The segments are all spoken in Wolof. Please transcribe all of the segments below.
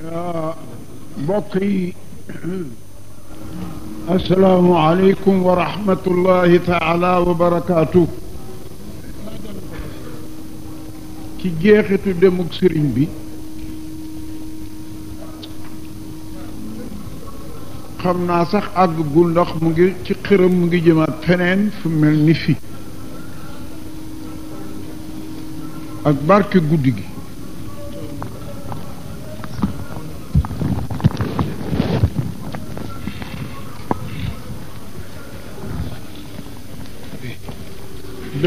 Euh, mbokk yi asalaamualeykum wa rahmatullahi taala wa barakaatu ci jeexitu demuk sëriñ bi xam naa sax àggagul ndax mu ngi ci xëram mu ngi jëmaat feneen fu mel ni fi ak barke guddi gi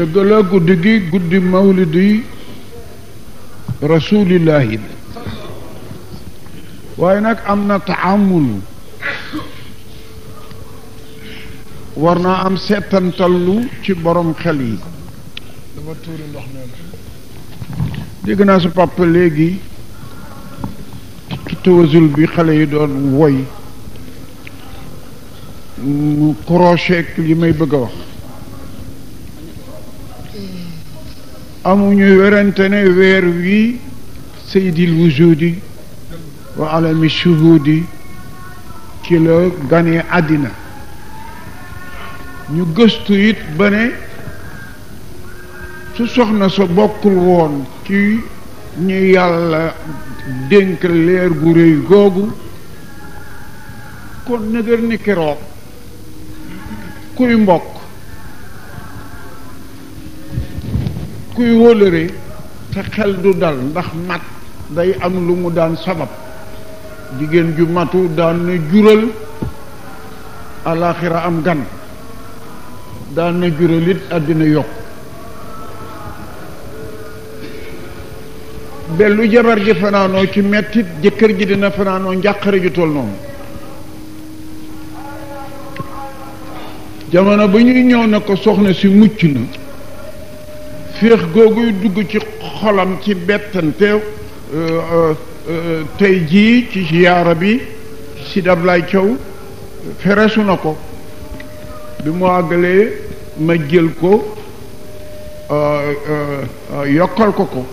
dëggalaa guddi gi guddi mawlidi rasulillahi waaye nag am na taamul war naa am seetantallu ci borom xel yi dafa tuuri ndox dégg naa sa papa léegi tawasul bi xale yi doon woy mu crochet li may bëgg a wax amuñu werante ne weer wi saydil wujudi wa alami shuhudi ki la ganee àddina ñu gëstu it ba ne su soxna sa bokkul woon ci ñu yàlla dénk leer bu réy googu kon nëgër ni keroog kuy mbokk kuy wóolëre te xel du dal ndax mat day am lu mu daan sabab jigéen ju matu daan na jural alaxira am gan daan na jural àddina yokk bellu jabar ji fanaanoo ci mettit jëkkër ji dina fanaanoo njàqare ju toll noonu jamono ba ñuy ñëw na ko soxna si mucc na féex googuy dugg ci xolam ci bettante euh, euh, euh, tey jii ci ziyaara bi Sidi Ablaye Thiaw na ko bi mu àggalee ma jël ko yokkal ko ko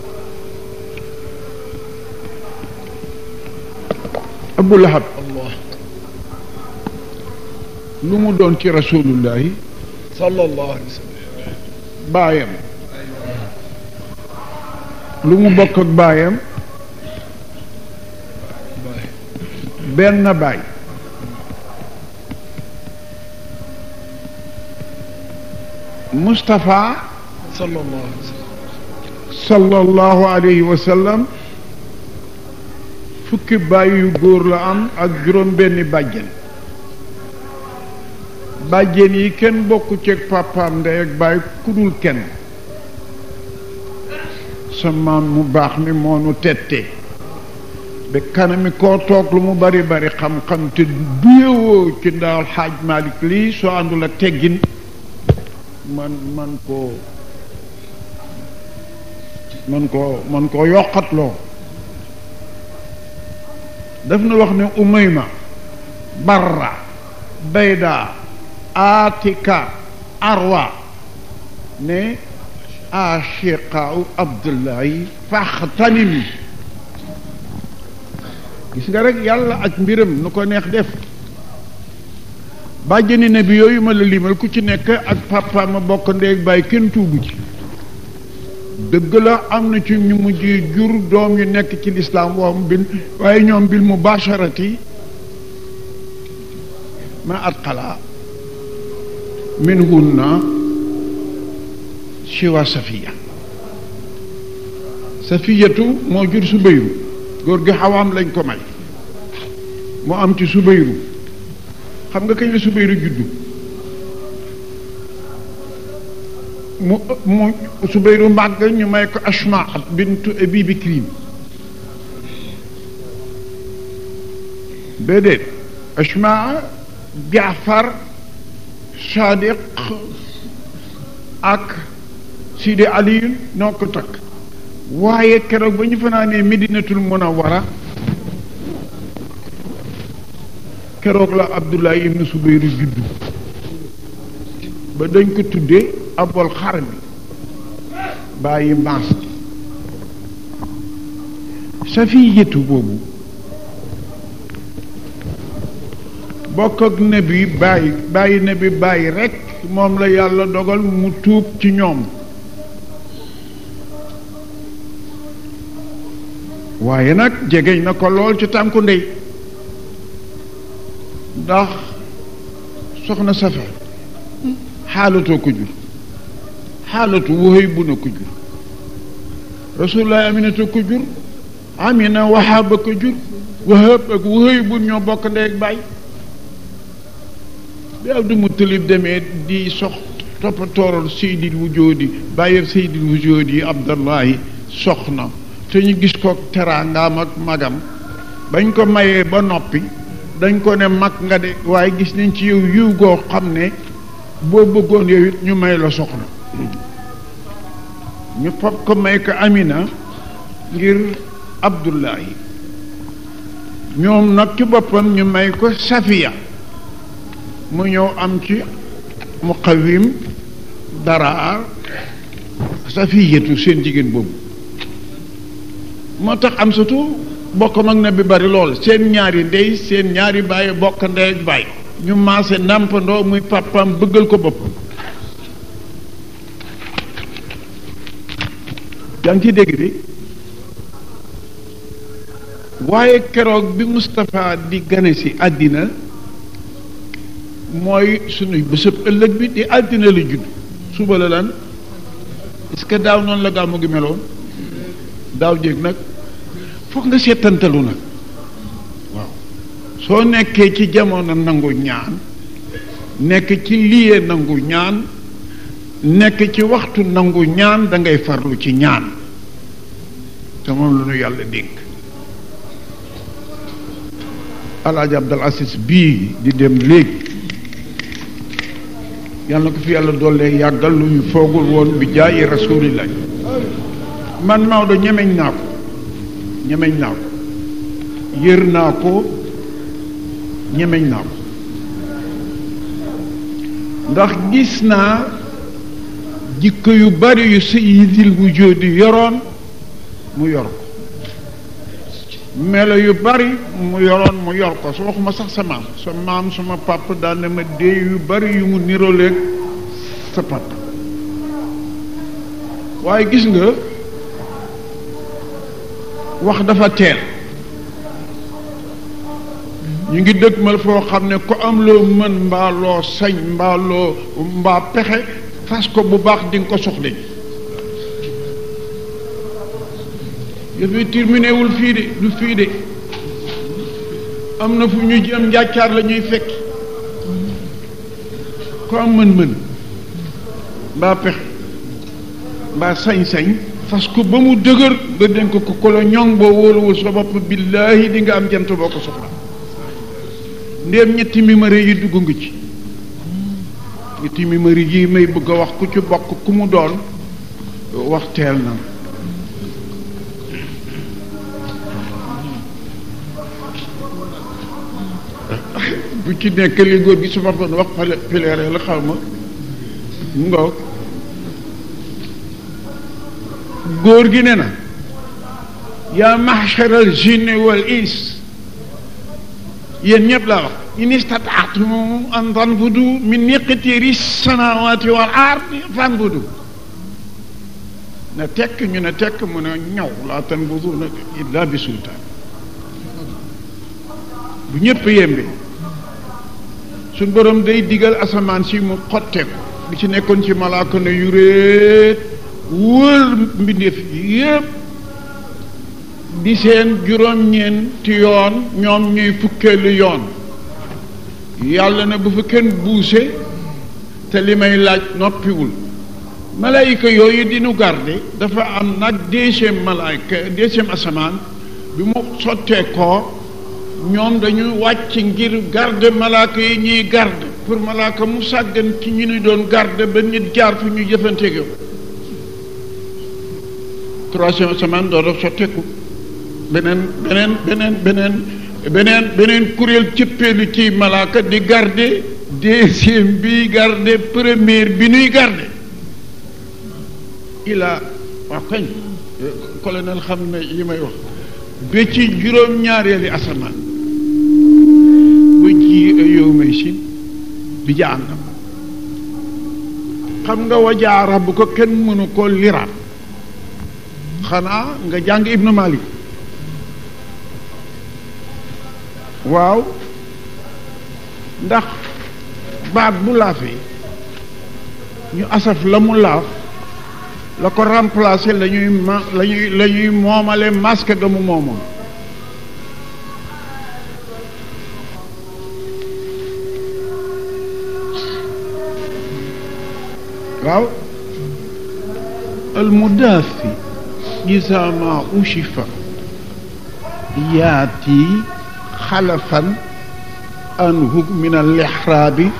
Abu Lahab lu mu doon ci rasulullahi baayam lu mu bokk ak baayam benn baay Moustapha sallallahu alayhi wa fukki baay yu góor la am ak juróom benni bàjjen bàjjen yi kenn bokku ceeg papaam ndey ak baay ku dul kenn sa maam mu baax mi moo nu tette ba kanami koo toog lu mu bari bari xam-xam te duyewoo ci ndaal xaaj Malick lii soo àndul ak teggin man man koo man koo man koo yokkatloo daf na wax ne ma barra bayda atika arwa ne achiqau abdullahi faxtanim gis nga rek yàlla ak mbiram nu ko neex def bàjjani ne bi yooyu ma la limal ku ci nekk ak papa ma bokk ndeeg bàyyi kenn tuubu ci dëgg la am na ci ñu mujj jur doom yu nekk ci lislaam woom bil waaye ñoom bil mubasharati ma at xalaa min hunna ci waa safiya safiyatu moo jur subayru góor gi xawaam lañ ko may moo am ci subayru xam nga kañ la subayru juddu mu mu subayru màgg ñu may ko ashma bintu abi bikrim déedéet ashma jaafar sadiq ak Sidi Aliyun noo ko takk waaye keroog ba ñu fanaanee Medinatul wara keroog la Abdullah ibn Subayru juddu ba dañ ko tuddee abol xar bi bàyyi maas safiyatu boobu bokk ak nabi bàyyi bàyyi nabi bàyyi rekk moom la yàlla dogal mu tuub ci ñoom waaye nag jegeñ na ko lool ci tànku ndey ndax soxna safa xaalatoo ko jur xaalatu wuxëy bu na ko jur rasulullah aminata ko jur amina waxaaba ko jur waxaab ak wuxëy bu ñoo bokk ndey ak baay bi Abdu Mutalib demee di sox toppatoorol seydil wujoodi bàyyi seydil wujoodi abdallahi soxna te ñu gis ko teraangaam ak magam bañ ko mayee ba noppi dañ ko ne mag nga de waaye gis nañ ci yow yiw goo xam ne boo bëggoon yow it ñu may la soxna ñu fab ko may ko Amina ngir Abdullahi ñoom nag ci boppam ñu may ko Safiya mu ñëw am ci muqawim daraa Safiyatu seen jigéen boobu moo tax am surtout bokkam ak nabi bari lool seen ñaari ndey seen ñaari baay bokk ndey ak baay ñu maase nàmpandoo muy pàppam bëggal ko bopp yaa ci dégg di waaye keroog bi Moustapha di gane si àddina mooy suñu bésëb ëllëg bi di àddina la judd suba la lan est que daaw noon la gàmmu gi meloon daaw jéeg nag foog nga seetantalu nag waaw soo nekkee ci jamono nangu ñaan nekk ci liye nangu ñaan nekk ci waxtu nangu ñaan da ngay farlu ci ñaan te moom lu nu yàlla dénk alaaji Abdal Asis bii di dem léegi yàlla na ko fi yàlla doollee yàggal lu ñu foogul woon bi jaayi rasulillah man Maodo ñemeñ naa ko ñemeñ naa ko yër naa ko ñemeñ naa ko ndax gis naa jikko yu bari yu sayyidil wujudi yoroon mu yor ko melo yu bari mu yoroon mu yor ko su waxuma sax sa maam sa maam sama papa daan ma dee yu bari yu mu niroleeg sa papa waaye gis nga wax dafa teel ñu ngi dëgmal foo xam ne ku am loo mën mbaa loo sañ mbaa loo mbaa pexe fas ko bu baax di ko soxla ji yëf yi terminé fii de du fii de am na fu ñu jëm njàccaar la ñuy fekk ku am mën-mën mbaa pexe mbaa sañ-sañ fas ko ba mu dëgër nga dénk ko ko la ñoŋ boo wóoluwul sa bopp billaahi di nga am jant boo ko soxla ndéem ñetti mimari yi dugg nga ci ñetti mimari yi may bëgg wax ku ci bokk ku mu doon wax na bu ci nekk li góor gi su ma wax fële la xaw ma mu ngaw góor gi ne na yaa mahcharal jinne wal ins yéen ñëpp laa wax in istataatum an tanfudu min niqitiri samawati wal ardi fanfudu na tekk ñu ne tekk mu ne ñaw laa tanfuduna bi sultaan bu ñëpp yembe suñ borom day digal asamaan si mu xotte bi ci nekkoon ci malaaka na yuréet wóor mbindeef yépp di seen juróom-ñeenti yoon ñoom ñuy fukkeelu yoon yàlla na bu fa kenn buuse te li may laaj noppiwul malayka yooyu dinu garde dafa am nag deuxième malayka deuxième asamaan bi mu sottee koo ñoom dañu wàcc ngir garde malaaka yi ñuy garde pour malaaka mu sàggan ci ñu ni doon garde ba nit jaar fu ñu jëfante ko troisième semaine doo def sotteeku beneen beneen beneen beneen beneen beneen kuréel cëppeelu ci malaaka di garder deuxième bi garder première bi nuy garder ilaa wax kañ colonel xam ne yi may wax ba ci juróom-ñaareeli asamaan ba ji yow may sin di jaanam xam nga wajaara bu ko kenn mënu ko liraat xanaa nga jàng ibnu malik waaw ndax baat bu laafee ñu asaf la mu laaf la ko remplacer la ma la moomale masque ga mu moomoon waaw al إذا ما أشف ياتي خلفا عنه من الإحراب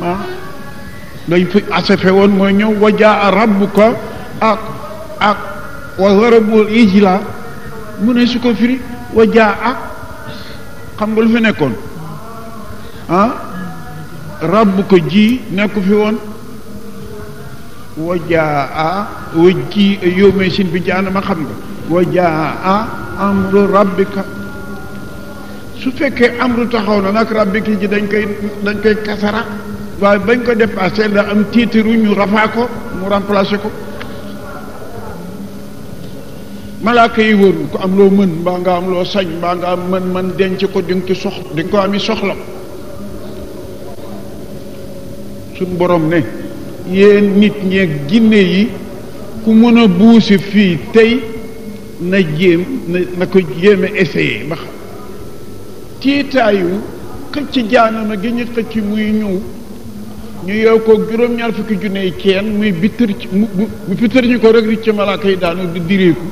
ما fi asafe woon mooy ñëw wajaa rabbuka ak ak wa zarabul ijla mu ne su ko firi wajaa ak xam nga lu fi nekkoon ah ji nekku fi wajaa waj kii yow sin bi jaanama xam nga wajaa amru rabbika su fekkee am amru taxaw na nag rabbika ji dañ koy dañ koy kasara waaye bañ ko dépassé la am tiitaru ñu rafaa ko mu remplacé ko malaaka yi wëru ko am loo mën mbaa nga am loo sañ mbaa nga am mën mën denc ko di nga ci sox di ko ami soxla suñ borom ne yéen nit ñeeg ginne yi ku mën a buusi fii tey na jéem na ko jéem a essayé ba xam tiitaayu xëcc jaanama gi ñu xëcc muy ñëw ñu yow ko juróom-ñaar fukki junney ceen muy bittër ci mu bittër ñu ko rek ricc malaaka yi daanu di direeku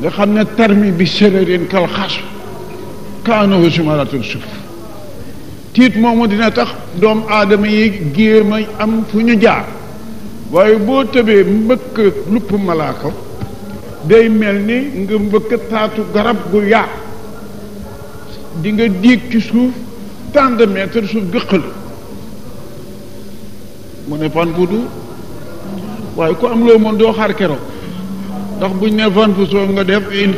nga xam ne tarmi bi sërërin kal xasu kaanoo sumaraatul suuf tiit moomu dina tax doom aadama yi géem a am fu ñu jaar waaye boo tëbee mbëkk lupp malaaka day mel ni nga mbëkk taatu garab gu yaa di nga diig ci suuf tant de mètres suuf gëq la mu ne fan fuutu waaye ku am loo moom doo xaar keroog ndax buñ ne fan fu soo nga def une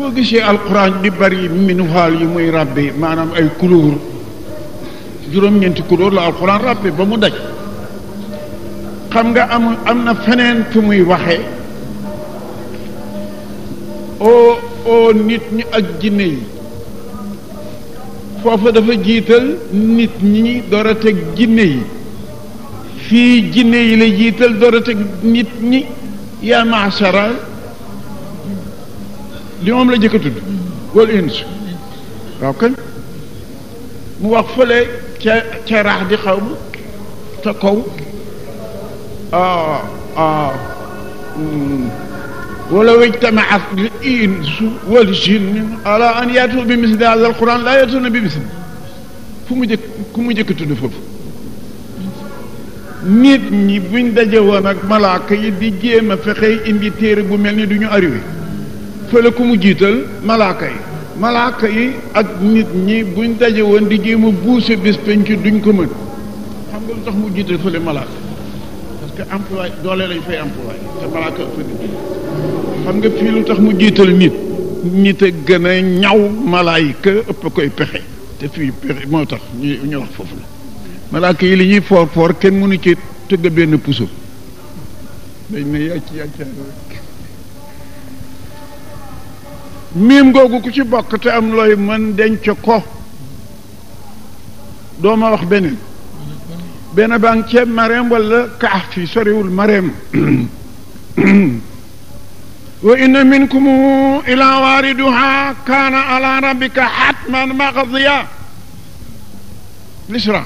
boo gisee alquran di bari minuhaal yi muy ràbbi maanaam ay couleur juróom-ñeenti couleur la alquran ràbbe ba mu daj xam nga am am na feneen fu muy waxe oo oh, oo oh, nit ñi ak jinne yi foofa dafa jiital nit ñi doora teg jinne yi fii jinne yi la jiital doora teg nit ñi yaa maasara li moom la jëkk a tudd wal ins waaw mu wax fële ca ca di xaw ma ca kaw ah, ah. Hmm. wala wajtama al insu wal jinn ala an yaatu bi misli hada al quran laa yatuna bi misli fu mu jëkk ku mu jëkk tudd foofu nit ñi buñ daje woon ak malaaka yi di jéem a fexe indi téere bu mel ni du ñu arrivé fële ku mu jiital malaaka yi malaaka yi ak nit ñi buñ daje woon di jéem a buuse bis penc duñ ko mën xam nga lu tax mu jiital fële malaaka parce que emploi doole lañ fay emploi te malaaka ëpp nga lu tax mu jiital nit nit a gën a ñaw malaayika ëpp koy pexe te fii pexe moo tax ñu ñu wax foofu la malaaka yi li ñuy foor foor kenn mënu ci tëgg benn puso dañ ne yàcc yàccaar rek miim googu ku ci bokk am looy mën denc ko doo ma wax beneen benn baa ngi ceeb mareem wala kaaf fi soriwul mareem wa inna minkum ilaa waariduha kaana ala rabbika xatman maqdiya lisra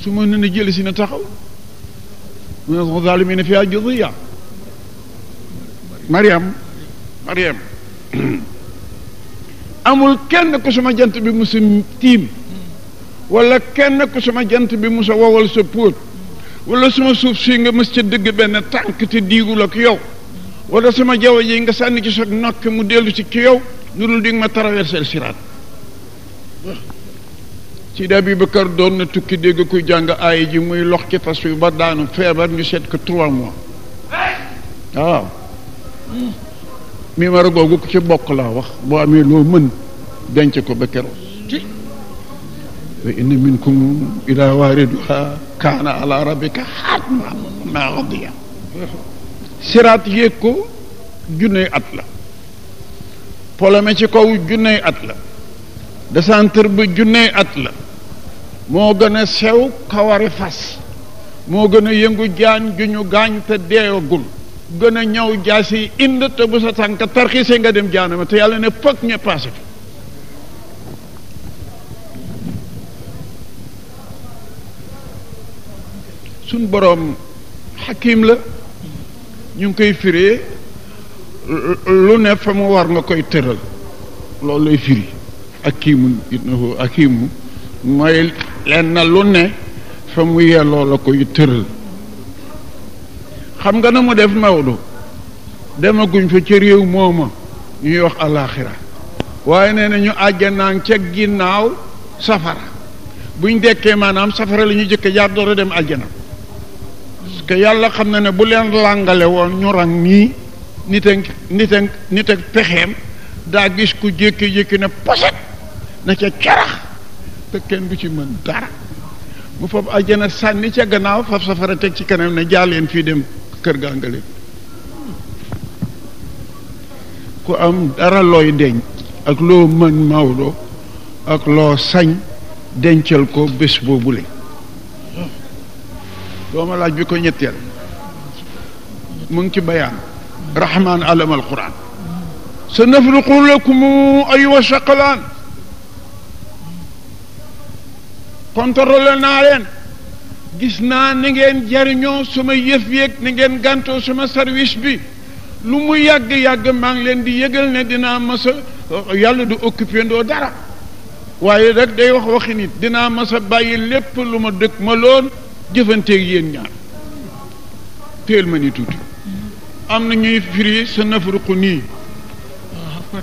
su ma ne na jëli si na taxaw mu ne sax zaalimina fiha judiya mariam mariam amul kenn ku sama jant bi mu musa tiim walla kenn ku sama jant bi musa wowal sa póot wala sama suuf si nga mës ca dëgg benn tànk te diigul ak yow wala sama jaww ji nga sànni ci sa nokk mu dellu ci ki yow lu dul di ma traversel siraat ba kër doon na tukki dégg ku jàng aay ji muy lox ci fas wi ba daanu feebar ñu seet ko trois mois waaw mimar googu ku ci bokk laa wax boo amee loo mën denc ko ba keroog wa inna minkum ila waariduha kaana ala rabbika hatman maqdiya siraat yéeg ko junney at la polome ci kaw junney at la desanteur ba junney at la moo gën a sew kawari fas moo gën a yëngu jaan ju ñu gaañ te deeyagul gën a ñaw jaas yi ind te bu sa tànk tarxise nga dem jaanama te yàlla ne fokk ñe fi suñ boroom xakim la ñu ngi koy firee lu ne fa mu war nga koy tëral loolu lay firi akimu innahu akimu mooy lenn lu ne fa mu yelloo la koy tëral xam nga ne mu def Maodo demaguñ fa ca réew mooma ñuy wax alaxira waaye nee na ñu àjjanaang ca ginnaaw safara buñ dekkee maanaam safara la jëkk jaar door dem àjjana parce yàlla xam na ne bu leen làngale woon ñu rang nii nit ak nit ak nit ak pexeem daa gis ku jékki-jékki ne poset na ca carax te kenn du ci mën dara mu fab àjjana sànni ca gannaaw fab safara teg ci kanam ne jaaleen fii dem kër gaa ngale ku am dara looy denc ak loo mën Maodo ak loo sañ dencal ko bés boobule dooma laaj bi ko ñetteel mu ngi ci bayaan rahman alama alquran sa nafruqu lakum ayuha saqalaan contrôle naa leen gis naa ni ngeen jariñoo suma yëf yéeg ni ngeen gàntoo suma service bi lu mu yàgg-yàgg maa ngi leen di yëgal ne dinaa mas yàlla du occupé ndoo dara waaye rek day wax waxi nit dinaa mas a bàyyi lépp lu ma dëkk ma lool jëfanteeg yéen ñaar teel ma ni tuuti am na ñuy firi sa nafruqu nii ah,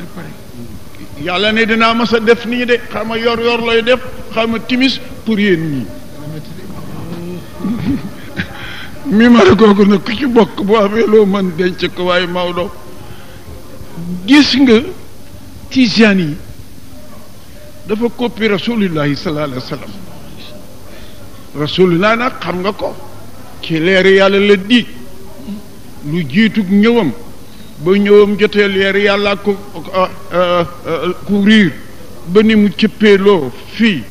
yàlla ne dinaa mas a def nii de xama yor yor lay def xama timis pour yéen ñii mimara googu nag ku ci bokk boo amee loo mën denc ko waaye Maodo gis nga tijaan yi dafa coppi rasulillahi sallallahu alayhi wa sallam rasulillah nag xam nga ko ci leeri yàlla la di lu jiitug ñëwam ba ñëwam jotee leeri yàlla ku ah, ah, ah, ku riir ba ni mu cëppeeloo fii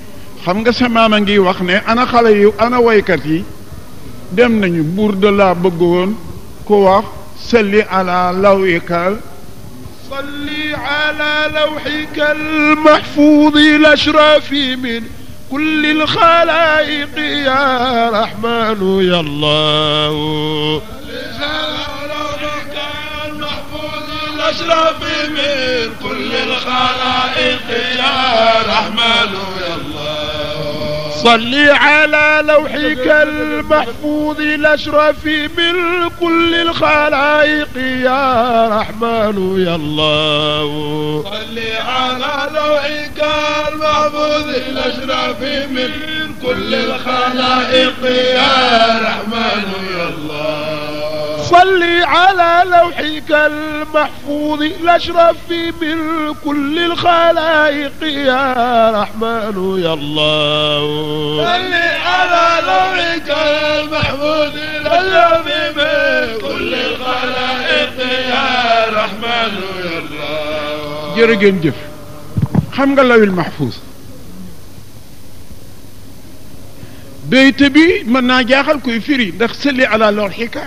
xam nga sa a ngi wax ne ana xale yu ana waykat yi dem nañu buur de laa bëgg woon ku wax salli ala lawikal salli ala lawxika almaxfuudi alashrafi min kulli alxalaayiqi ya raxmanu ya allahu الأشرف من كل الخلائق يا رحمن يا الله صل على لوحك المحفوظ الأشرف من كل الخلائق يا رحمن يا الله صل على لوحك المحفوظ الأشرف من كل الخلائق يا رحمن يا الله صل على لوحك المحفوظ الأشرف من كل الخلائق يا رحمن يا الله صل على لوحك المحفوظ الأشرف من كل الخلائق يا رحمن يا الله jërëngeen jëf xam nga lawil mahfuuz béyte bi mën naa jaaxal kuy firi ndax salli ala lawxika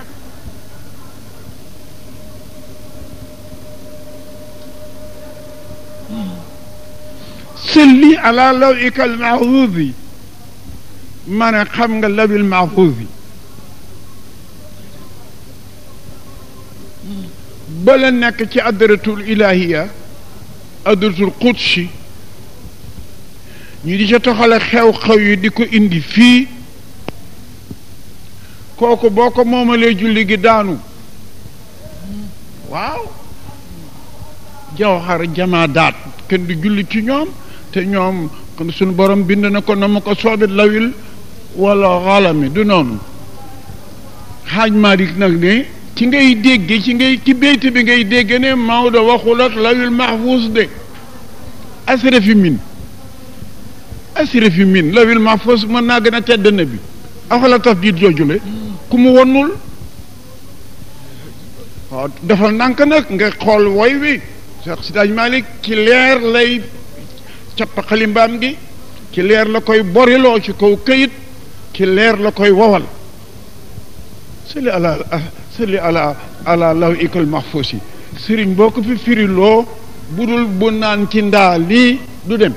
sëlli ala law ikal mahfuus yi xam nga labil mahfuus yi bala nekk ci adratul ilahiya adratul qudsi ñu di ca toxale xew-xew yi di ko indi fii kooku boo ko moomalee julli gi daanu waaw jawxar jama daat kenn julli ci ñoom te ñoom sunu borom bind na ko na ma ko soobee lawil wala xaalami du noonu xaaj Malik nag ne ci ngay dégge ci ngay ci béyt bi ngay dégge ne Maodo waxul ak lawil mahfuus de asrafi min asrafi min lawil mahfuus mën naa gën a tedd na bi axala taf diit joojule ku mu wonul waaw defal ndànk nag nga xool woy wi Cheikh Sidaaj Malik ci leer lay capp xalimbaam gi ci leer la koy boriloo ci kaw kayit ci leer la koy wowal sëli ala ala ala law ikal mahfuus yi sëriñ boo ko fi firiloo budul bu naan ci ndaa lii du dem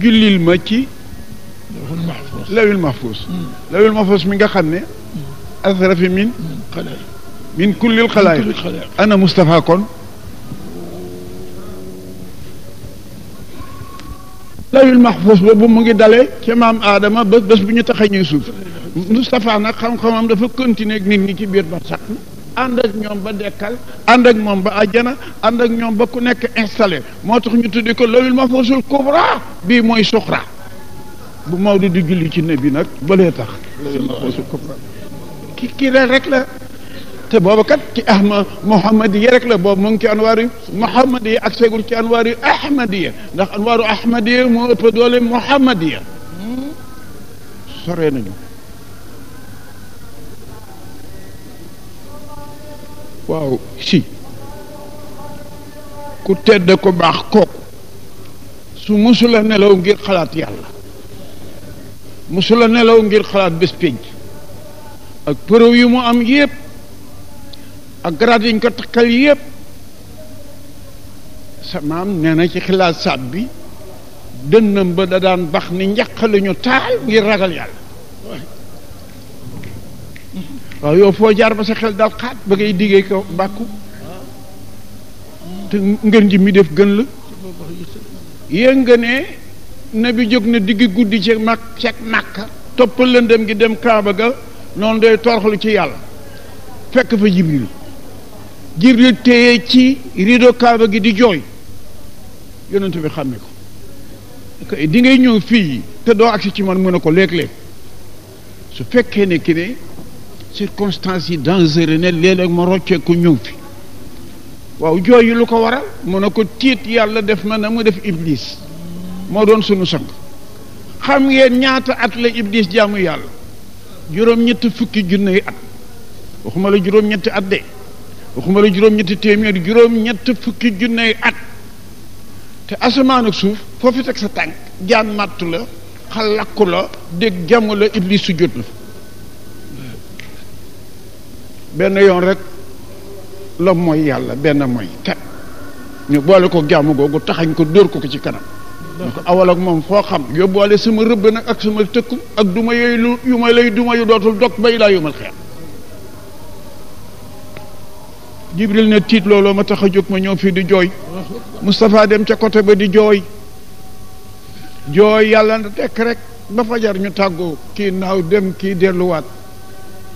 jullil ma ci lawil mahfuus lawil hmm. mahfuus mi nga xam ne hmm. azrafi min hmm. min kullil xalaay ana Moustapha layul mahfuz ba bu mu ngi dalee ca maam aadama ba bés bu ñu taxa ñuy suuf Moustapha nag xam-xamam dafa continuer ak nit ñi ci biir ba sax ànd ak ñoom ba dekkal ànd ak moom ba ajjana ànd ak ñoom ba ku nekk installé moo tax ñu tuddi ko layul mahfuzul kubra bii mooy suxra bu Maodo di julli ci nabi nag balee tax layul mahfuzul kubra ki ki rek la te booba kat ci ahma muhammadiya rek mu ngi ci anwaar yu muhammadiya ak seegul ci anwaar yu ahmadiya ndax anwaaru ahmadiya moo ëpp si ku tedd ko baax kooku su musula nelaw ngir xalaat yàlla musula nelaw ngir xalaat bés ak përëw yu am yépp ak garaat yi ñu ko takkal yépp sa maam nee na ci xilaas saab bi dënnam ba da daan bax ni njaq ñu taal ngir ragal yàlla waaw yow foo jaar ba sa xel dal xaat ba ngay diggee ko bàkku te ngeen ji mi def gën la yéen ne na bi jóg na digg guddi ci mag ceeg màkka toppal lëndëm gi dem kaaba ga noonu day torxlu ci yàlla fekk fa jibril jibril téye ci rido kaaba gi di jooy yonent bi xàmme ko di ngay ñëw fii te doo agsi ci man mu ne ko léeg-léeg su fekkee ne ki ne circonstances yi dangereux ne léeg-léeg ma roccee ko ñëw fi waaw jooy yi lu ko waral mu ne ko tiit yàlla def ma ne mu def iblis moo doon sunu sang xam ngeen ñaata at la iblis jaamu yàlla juróom-ñetti fukki junne yi at waxuma la juróom-ñetti at de waxuma la juróom-ñetti téeméer juróom-ñett fukki junney at te asamaan ak suuf foofu teg sa tànk jaan màttu la xalakku la dégg jamu la iblis su jot benn yoon rek la mooy yàlla benn mooy kat ñu boole ko jaamu googu taxañ ko dóor ko ko ci kanam ñu ko awal ak moom foo xam yóbbuwaale sama rëbb nag ak sama tëkku ak duma yooyu lu yu ma lay duma yu dootul dog bay laa yumal xeex jibril ne tiit looloo ma tax a jóg ma ñëw fii di jooy Moustapha dem ca côté ba di jooy jooy yàlla na tekk rek ba fajar ñu tàggoo kii naaw dem kii delluwaat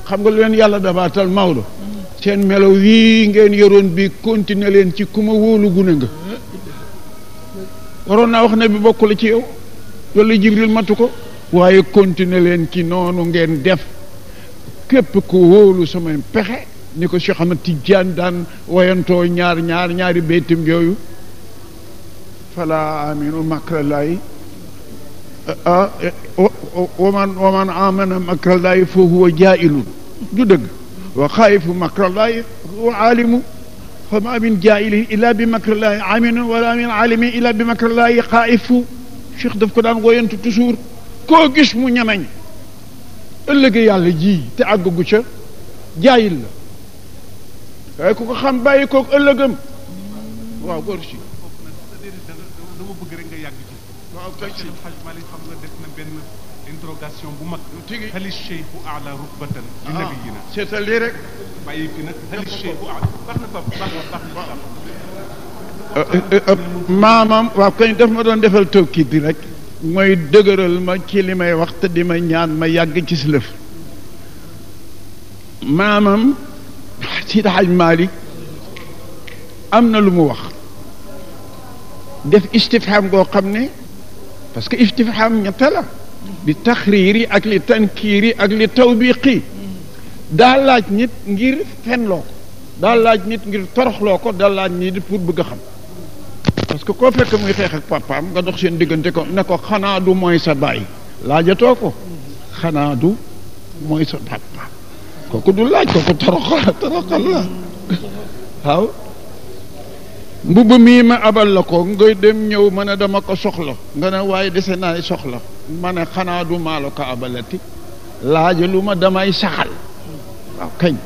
xam nga leen yàlla dabaatal Maodo seen melo wii ngeen yoroon bi continuer leen ci ku ma wóolu gune nga waroon naa wax ne bi bokk ci yow loolu jibril matu ko waaye continuer leen ci noonu ngeen def képp ku wóolu samay pexe ni ko Cheikh Ahmad Tidiane daan wayantoo ñaar ñaar ñaari baytim yooyu fala aminu makralaay waman waman amana makralaay fa huwa jaa'ilun du dëgg wa xaayifu makralaay wa aalimu fa ma min jaa'ilin illa bi makralaay aminu wala min aalimin illa bi makralaay xaayifu Cheikh daf ko daan woyantu toujours koo gis mu ñamañ ëllëg yàlla ji te àggagu ca jaayil la waaye ko xam bàyyi koog ëllëgam waaw bu mag. tigi hali ah, cheikhu ala rukbatan li nabiyina seetal lii rek. bàyyi ah, fi ah, maamam waaw kañ daf ma doon defal tawkiit bi rek. mooy dëgëral ma ci li may wax te di ma ñaan ma yàgg ci si lëf maamam. Seydi Haj Malik am na lu mu wax def istifham goo xam ne parce que istifham ñett la li taxriiri ak li tankiiri ak li tawbiqi daa laaj nit ngir fenloo ko daa laaj nit ngir toroxloo ko daa laaj nit pour bëgg a xam parce que ko fekk muy xeex ak papaam nga dox seen diggante ko ne ko xanaa du moy sa baay laajatoo ko xanaa du mooy sa baay kooku du laaj kooku toroxal toroxal la waaw mbubb mii ma abal la ko ngay dem ñëw ma ne dama ko soxla nga ne waaye dese naay soxla ma ne xanaa du maa la ko abalati laaja lu ma damay saxal waaw kañ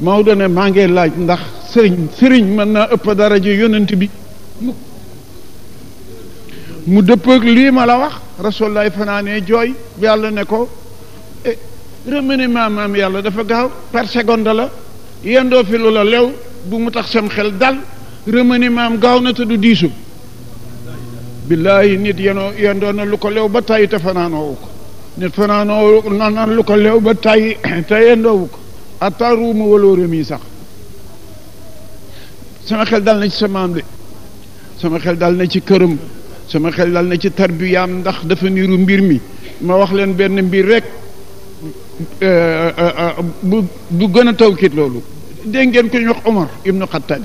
Maodo ne maa ngi laaj ndax sëriñ sëriñ mën naa ëpp dara ji yonent bi mu dëppoo lii ma la wax rasulilah fanaanee jooy yàlla ne ko remaniement maam yàlla dafa gaaw par seconde la yendoo fi lu la lew bu mu tax sam xel dal maam gaaw na te du diisu billaahi nit yenoo yendoo na lu ko lew ba tàyyi te fanaanoowu ko nit fanaanoowu na nan lu ko lew ba tàyyi te yendoowu ko atta ruuma waloo remi sax sama xel dal na ci sa maam de sama xel dal na ci këram sama xel dal na ci tarbiyaam ndax dafa niru mbir mi ma wax leen benn mbir rek bu du gën a loolu dégg ko ñu wax ibnu Xattaab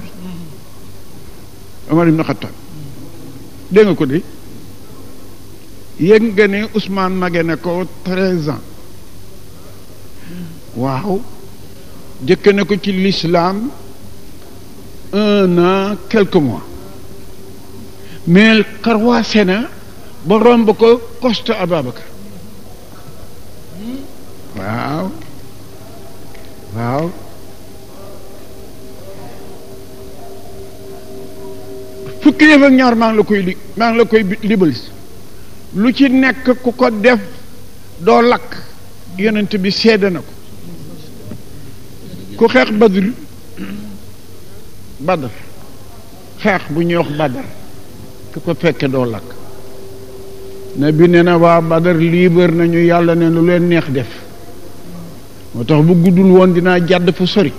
bi ibnu Xattaab dégg ko de yëg nga ne Ousmane mage ko treize ans waaw jëkk na ko ci l'islam un an quelques mois mais karwaase na ba romb ko coste Ababacar waaw waaw fukki yëf ak ñaar maa ngi la koy li maa la koy libal lu ci nekk ku ko def doo lakk yonent bi sedd na ko ku xeex badr badr xeex bu ñuy wax badr ku ko fekke doo lakk na bi ne na waa badr liibar nañu yàlla ne lu leen neex def moo tax bu guddul woon dinaa jàdd fu sori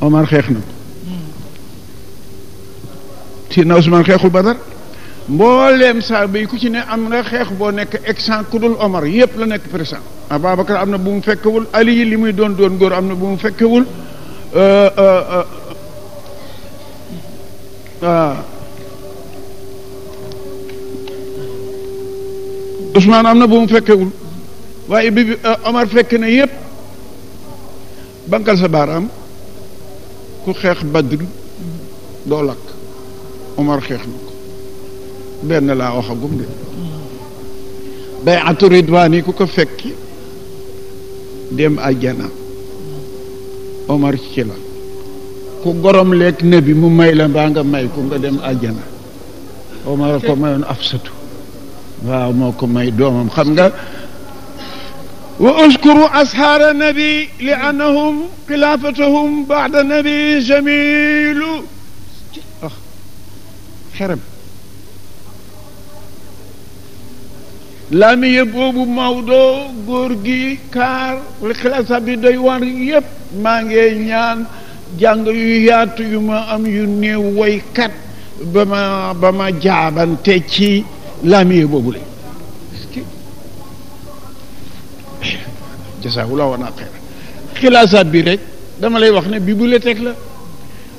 Omar xeex na ko Sidna Usmaan xeexul Badar mbooleem saaba yi ku ci ne am na xeex boo nekk exan ku dul Omar yépp la nekk présent Ababacar am na bu mu fekkewul Ali li muy doon doon góor am na bu euh, euh, euh, am na bu mu fekkewul waaye bi eh, Omar fekk na yépp bankal sa baaraam ku xeex Badr doo lakk Omar xeex na ko benn laa waxagum de bay'atu ridwaan yi ku ko fekki dem aljana Omar ci la ku gorom lekk nabi mu may la mbaa nga may ku nga dem aljana Omar ko mayoon Afsatu waaw moo ko may doomam xam nga wa uskuru ashaara nabi li annahum xilaafatahum baada nabi jamilu ah xerem laamiye boobu Maodo góor gi kaar li xilaasa bi doy war yépp maa ngi ñaan jàng yu yaatu yu ma am yu néew woykat ba ma ba ma jaabante ci laamiye boobu la jasaawulaa wana xeera xilaasaat bi rek dama lay wax ne bibliothèque la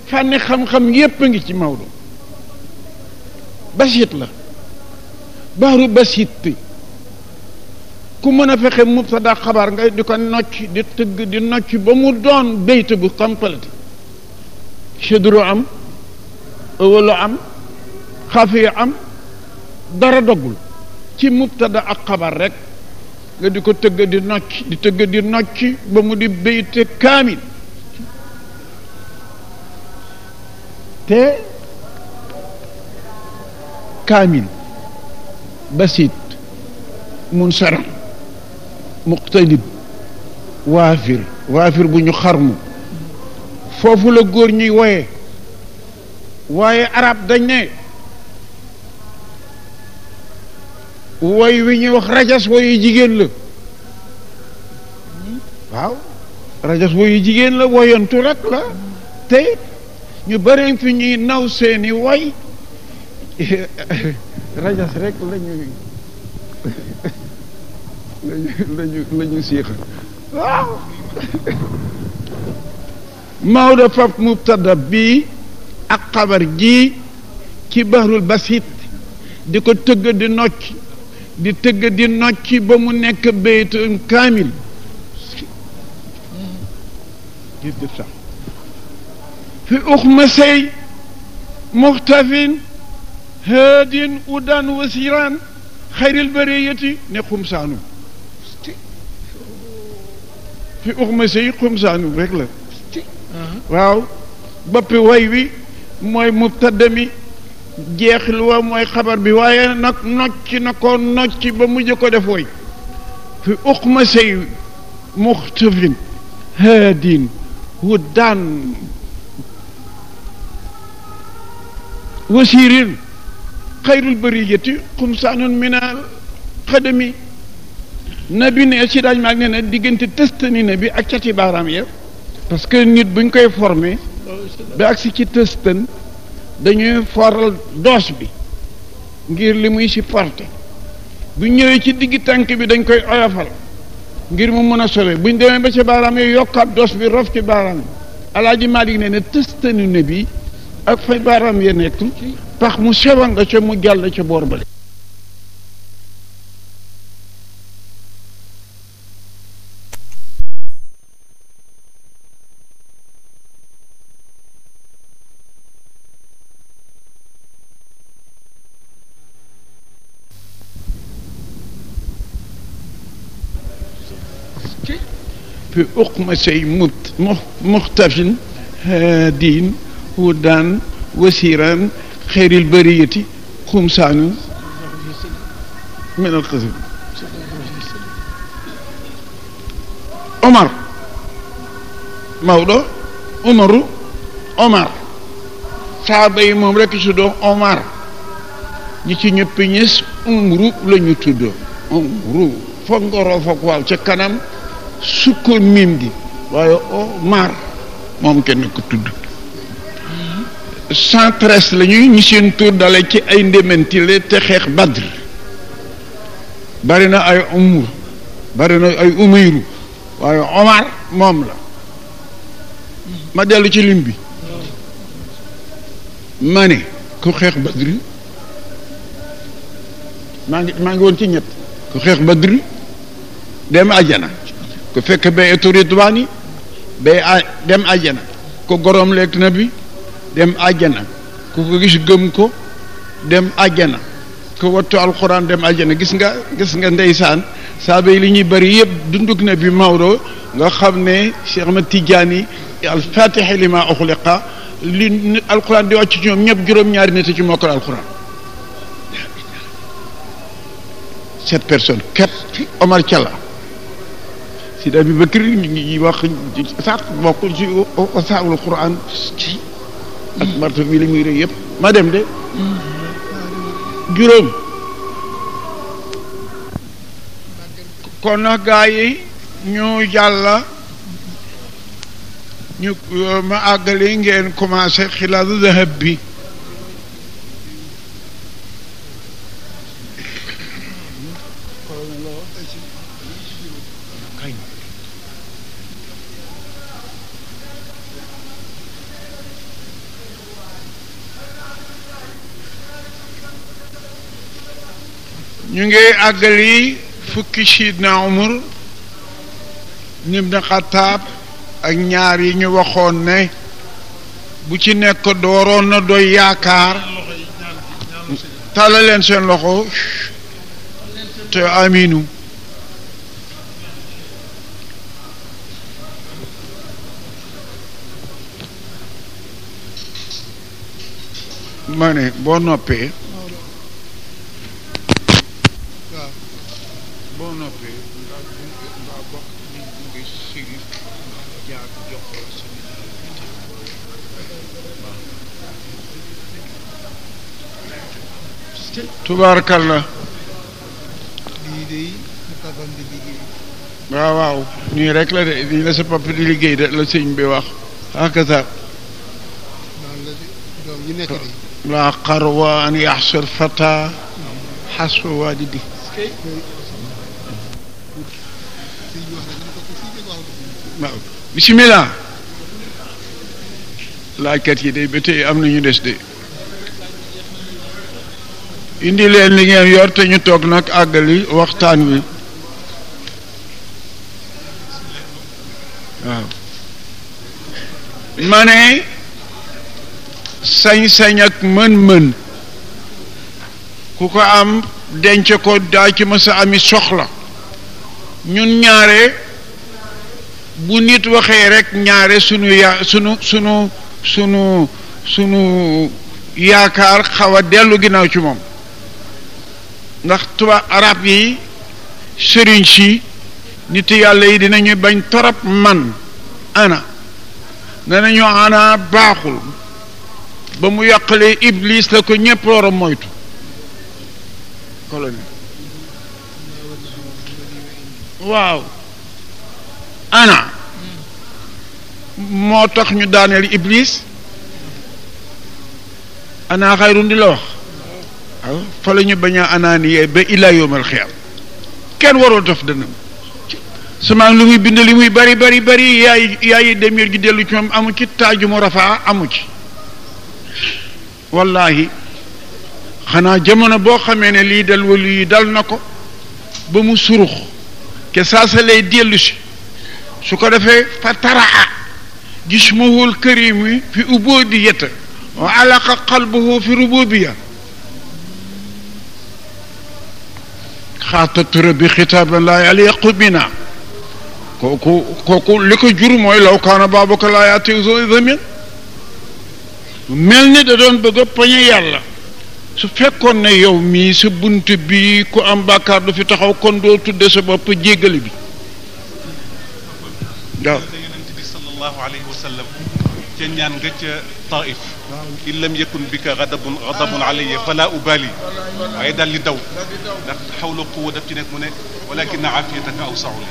fànne xam-xam yépp a ngi ci Maodo basit la baaru basit ku mën a fexe mubtada xabaar nga di ko nocc di tëgg di nocc ba mu doon béyte bu complet chedro am ëwalo am xafiya am dara doggul ci mubtada ak xabaar rek nga di ko tëgg di nocc di tëgg di nocc ba mu di béyte kaamil te kaamil basit munsara muqtalib waafir waafir bu ñu xarmu foofu la góor ñuy woye waaye arab dañ ne woy wi ñuy wax rajas woyu jigéen la waaw rajas woyu jigéen la woyantu rek la te ñu bëri fi ñuy naw seeni woy rajas rek la ñuy lañu lañu siixa waaw Maodo fab bii ak xabar jii ci bahrul basit di ko tëgg di nocc di tëgg di nocci ba mu nekk baytu kaamil jërëjëf sax fi uxma sey muxtafin haadin udan wasiraan xayril bariyati ne xumsaanu fi uxma sey xumsaanu rek boppi way mooy mubtada jeexil wa mooy xabar bi waaye nag nocc na ko nocc ba mujj ko def woy fi uqma sey muxtafin haadin huddaan wasirin xayrul bariyati xumsaanun minal xadami nabi ne si daaj maag ne na diggante tëstani bi ak cati baaraam ya parce que nit buñ koy formé ba agsi ci tëstan dañuy foral doos bi ngir li muy si supporté bu ñëwee ci digg tànk bi dañ koy oyofal ngir mu mën a sore buñ demee ba ci baaraam yooyu yokkaat doos bi rof ci baaraam yi alaaji yi ne ne tëstanu ne bi ak fay baaraam ya nekk pax mu sewa nga ca mu jàll ca boor bale في أقمة شيء مختف هادين ودان وسيران خير البرية خمسان من القذب عمر Maodo Umaru Omar saaba yi moom rekk su doon Omar ñi ci ñëpp ñës Umru la ñu tuddoo Umru foog ngoroo foog waaw kanam sukkal miim gi waaye o oh, moom kenn ko tudd cent lañuy la ñuy ñi seen tur dale ci ay ndémentile te xeex badr bari na ay umur bari na ay umayru waaye omar moom la ma dellu ci lim bi ma ne ku xeex badri maa ngi maa ngi woon ci ñett ku xeex badri dem ajana ku fekk bay etu ridwaan yi dem àjjana ku gorom lekk na bi dem àjjana ku ko gis gëm ko dem àjjana ku wattu alxuraan dem àjjana gis nga gis nga ndeysaan saaba yi li ñuy bari yëpp dunduk na bi Maodo nga xam ne Cheikh Ahmad Tidiane alfaatixe li ma uxliqa li alxuraan di wàcc ci ñoom ñëpp juróom-ñaari nit ci mokkal alxuraan cette personne képp Omar Thiala Sidi Abi Bakr ñu ngi wax sax bokkul ci asaabul Quraan ak marto bi li muy rëy yëpp ma dem de mm-hmm. juróom kon nag gaa yi ñu jàlla ñu ma àggale ngeen commencé xilaasu dahab bi 深いんだけど ñu ngi àggali fukki sidna umar ibn xataab ak ñaar yi ñu waxoon ne bu ci nekk dooroon na doy yaakaar tàllaleen seen loxo ñett aminu ma ne boo noppee boo noppee tubaarkalla waaw waaw nii rek la de nii la sa papa di liggéey de la sëñ bi wax hakaza ah, la qarwa an yaxsur fata xasfa walidi waaw bisimilah laajkat yi day ba tey am nañu des de indi leen li ngeen yor ñu toog nag àggali waxtaan wi ma ne sañ-sañ ak mën-mën ku ko am denc ko daa ci mës ami soxla ñun ñaare bu nit waxee rekk ñaare sunu ya sunu sunu yaakaar xaw a dellu ginnaaw ci moom ndax tuba arab yi sëriñ si nit yàlla yi dinañu bañ torop man ana danañu ana baaxul ba mu yàqalee ibliis la ko ñépp war a moytu waaw ana moo tax ñu daaneel iblis ana xayrun di la wax fa la ñu bañ a anaaniyee ba ilaa yawmal xiyaam kenn warul def dënam semaam li muy bind li muy bari bari bari yaayi demir ji dellu ci moom amu ci taaju mu amu ci wallahi xanaa jamono boo xamee ne lii dal walu dal na ko ba mu surux ke saasa lay dellu si su ko defee fa taraa jismuhul karimi fi ubudiyata wa alaqa qalbuhu fi rububiya xaatatura bi xitaaban laa yàlla yaqu bina kooku kooku li ko jur mooy law kaana baabaka laa yaatiihi zamin mel ni da doon bëgg a yàlla su fekkoon ne yow mii sa bunt bi ku am bàkkaar du fi taxaw kon doo tudde sa bopp jéggale bi in lam yakun bika ghadabun ghadabun alayya fala ubali waaye daal li daw ndax xawla quwa daf ci nekk mu ne walakin aafiyataka awsau li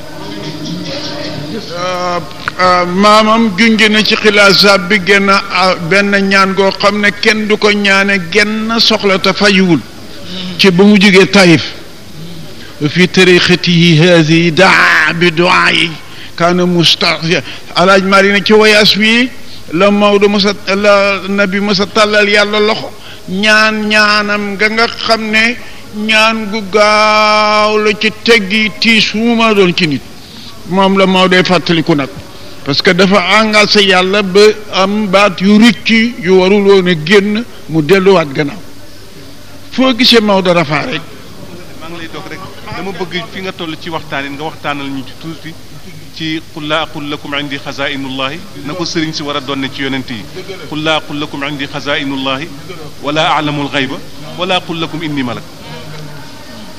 euh, euh, maamam junj na ci xilaasaab bi genn euh, benn ñaan goo xam ne kenn du ko ñaane genn soxla te fajuwul mm-hmm. ci ba mu jógee Taïf fi tariqatihi haadihi daa bi duaa yi kaana mustaxia alaaj mari na ci wayaas wi la Maodo mës a la nabi mës a tàllal yàlla loxo ñaan ñaanam nga nga xam ne ñaan gu gaaw la ci teggi tiis wu ma doon ci nit moom la Maodo fàttaliku nag parce que dafa engagé yàlla ba am baat yu ricci yu warul woon a génn mu delluwaat gannaaw foo gisee Maodo rafaa rek. ngi lay doog rek dama fi nga toll ci waxtaan nga waxtaanal ñu ci qul laa aqul lakum indi xazainullahi na ko sëriñ si war a doon ne ci yonent yi qul laa aqul lakum indi xazainullahi wala alamul xayba wala aqul lakum inni malak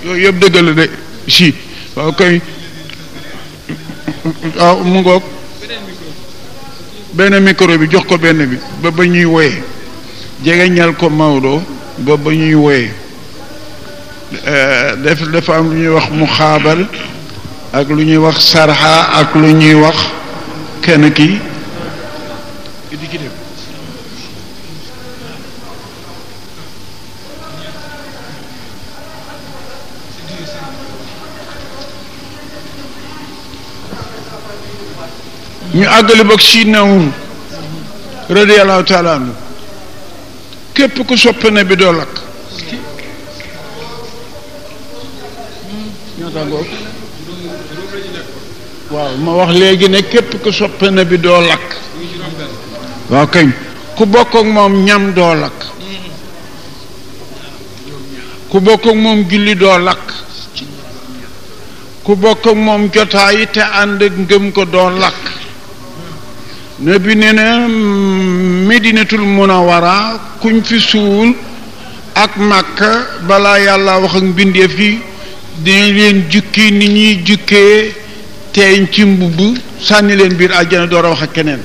yooyu yëpp dëggal la de si waaw kay waaw ah, mu ngoog benn micro bi jox ko benn bi ba ba ñuy woyee jegeñal ko Maodo ba ba ñuy woyee eh, def dafa am lu ñuy wax mu xaabal ak lu ñuy wax sarxa ak lu ñuy wax kenn kii ñu àggali boog si nawum radiallahu képp ku soppe bi doo waaw ma wax léegi ne képp ku soppe bi doo lakk waaw kañ ku bokk moom ñam doo lakk ku bokk moom julli doo lakk ku bokk moom jotaay te ànd ak ngëm ko doo lakk ne bi ne na medinatul munawara kuñ fi suul ak màkka balaa yàlla wax ak mbindeef yi dina leen jukki ni ñuy jukkee teeñ ci mbubb sànni leen biir àjjana door a keneen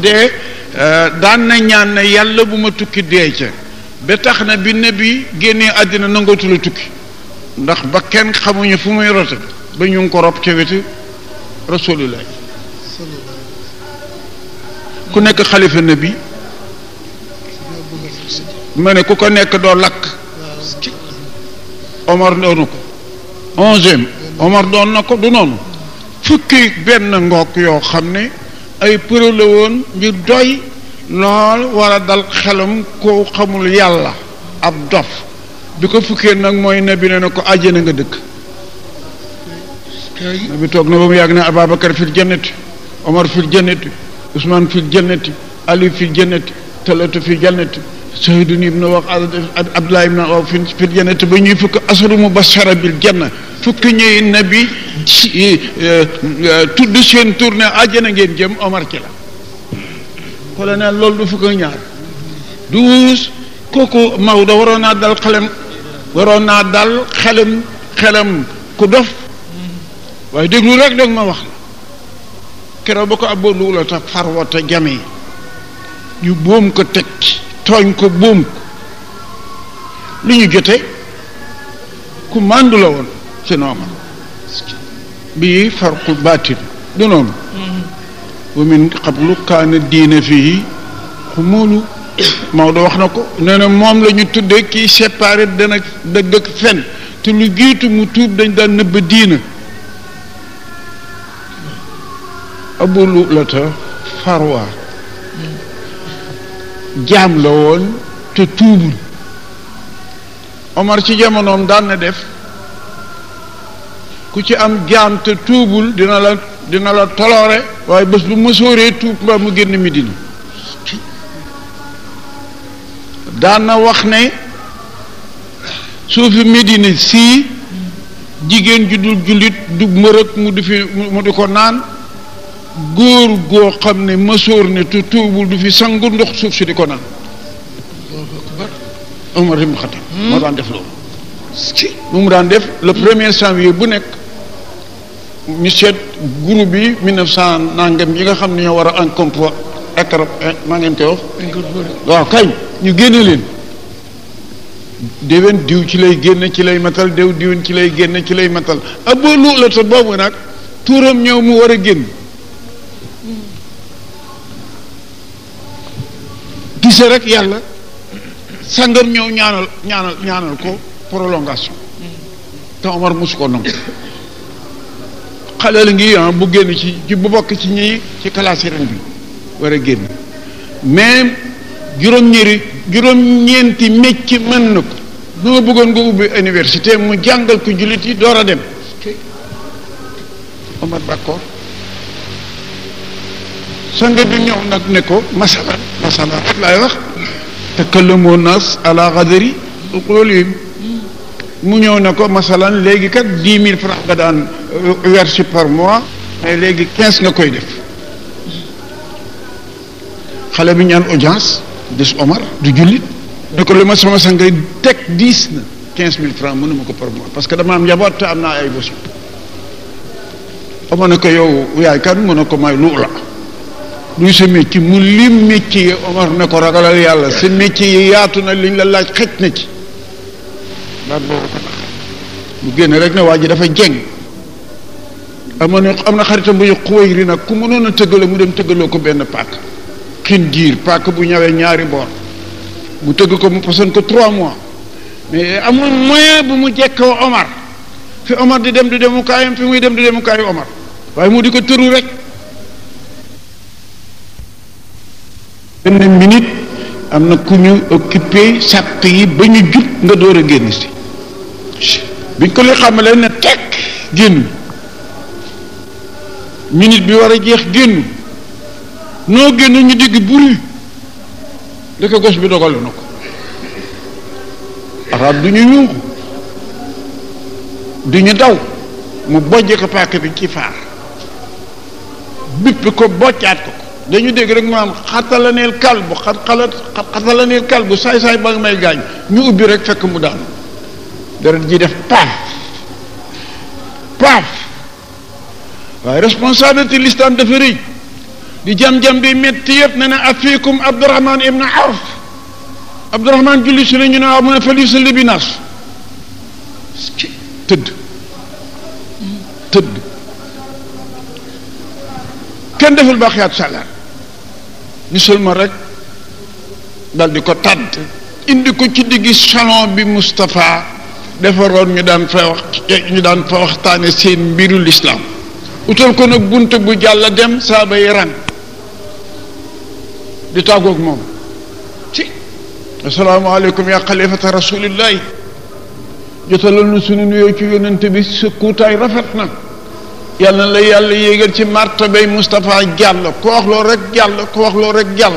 de euh, daan na ñaan na yàlla bu ma tukki dee ca ba tax na bi nabi génnee àddina nangootu tukki ndax ba kenn xamuñu fu muy rote ba ñu ngi ko rob ca wetu rasulullah ku nekk xalifa nabi ma ne ku ko nekk doo lakk omar noonu ko onzième Omar doon na ko du noonu fukki benn ngoog yoo xam ne ay përé la woon ngir doy lool war a dal xelam koo xamul yàlla ab dof bi ko fukkee nag mooy nabi ne ko àjjana nga dëkk nabi toog na ba mu yàgg na Ababacar fil jannati Omar fil jannati Ousmane fil jannati Ali fil jannati Talatu fil jannati Saydun ibn wax Abdoulaye ibn wax fil jannati ba ñuy fukk asaru mubashara bil janna fukki na bi euh, euh, tudd seen tourné àjjana ngeen jëm Omar ci la colonel loolu du fukk ak ñaar douze kooku Maodo waroon naa dal waroon naa dal xelam xelam ku dof waaye déglu rek dag ma wax la keroog ba ko ab booluwula ta farwata jame ñu boom ko teg tooñ ko boom ko lu ñu jote ku màndu la woon ci nooma bii farqu baatin du noonu wa min qablu kaana diina fii xumuulu Maodo wax na ko nee moom la ñu tuddee kii séparé dana dëgg ak fen te lu jiitu mu tuub dañ daan nëbb diina Abu Lu'lu'ata Farwa jaam la woon te tuubul Omar ci jamonoom daan na def ku ci am jaam te tuubul dina la dina la toloore waaye bés bu mësooree tuub mbaa mu génn Medina daan na wax ne suufi Medina sii jigéen ju dul jullit du mërëg mu du ko naan góor goo xam ne mësoor ne te tuubul du fi sangu ndox suuf si di ko naan Omar ibn hmm? daan def loolu mu mu daan def le bu nekk ñu seet groupe bi 1900 nangam yi nga xam ne ñoo war a en contrôle écran eh, maa ngeen koy wax. waaw kay ñu génne leen. déwén diw ci lay génn ci lay matal déw diwén ci lay génn ci lay matal ab lu la te boobu nag tuuram ñëw mu war a génn. gisee rek yàlla sangam ñëw ñaanal ñaanal ñaanal ko prolongation. te Omar mosu ko xale la ngi ah bu génn ci bu bokk ci ñi ci classe ren bi war a génn mais juróom-ñeeri juróom-ñeenti mécc mën na ko bu ma bëggoon nga ubbi université mu jàngal ko jullit yi door a dem Omar Bakor sonde du ñëw nag ne ko masala masala laay wax takallamu nas ala qadri uqulihim mu ñëw ne ko masalan léegi kat dix mille francs nga daan Euh, weer si par mois mais léegi quinze nga koy def xale bi ñaan audience dis Omar du jullit ne ko li ma sama sangay teg dix na quinze mille francs mënuma ko par mois parce que dama am njaboot te am naa ay bosu Omar ne ko yow yaay kan mu ne ko may lu la luy sa métier mu lim métier yi Omar ne ko ragalal yàlla sa métier yi yaatu na liñ la laaj xëj na ci baat boobu mu génn rek ne waa ji dafa jeng amoon na am na xaritam bu ñu xuwayri nag ku mënoon a tëggale mu dem tëggaloo ko benn paak xin jiir paak bu ñawee ñaari boor mu tëgg ko mu poson ko trois mois mais amul moyen bu mu jekkoo Omar fi Omar di dem di demukaayam fi muy dem di demukaayu Omar waaye mu di ko tëru rek benn minute am na ku ñu occupé sàtt yi ba ñu jub nga door a génn si biñ ko li xamalee ne tekk génn minute bi war a jeex génn noo génn ñu dégg buri ndeke gos bi dogalu na ko arab du ñu yuuxu du ñu daw mu bojje ko paaka bi ci faar bipp ko boccaat ko dañu dégg rek maam xatalaneel kal xat xalat xatalaneel kal bu saay-saay ba nga may gaañ ñu ubbi rek fekk mu daanu deret ji def paaf paaf waaye responsabilité l'islam dafa rëy di jam-jam bi métti yëpp ne ne afiikum abdurahman ibn awf abdurahman julli su ne ñu ne waaw mu li sa libi tëdd tëdd kenn deful baax salaat ñu sëlma rek dal di ko tàdd indi ko ci diggi salon bi mustafa Moustapha defaroon ñu daan fa wax ñu daan fa waxtaane seen mbiru lislaam utal ko nag bunt bu jàll dem saaba yi di tàggoog moom ci asalaamaaleykum yaa xalifata rasulillahi jotalal nu sunu nuyoo ci yonente bi sa kuutaay rafet na yàlla na la yàlla yéegal ci martabay Moustapha jàll ko wax loo rek jàll ko wax loo rek jàll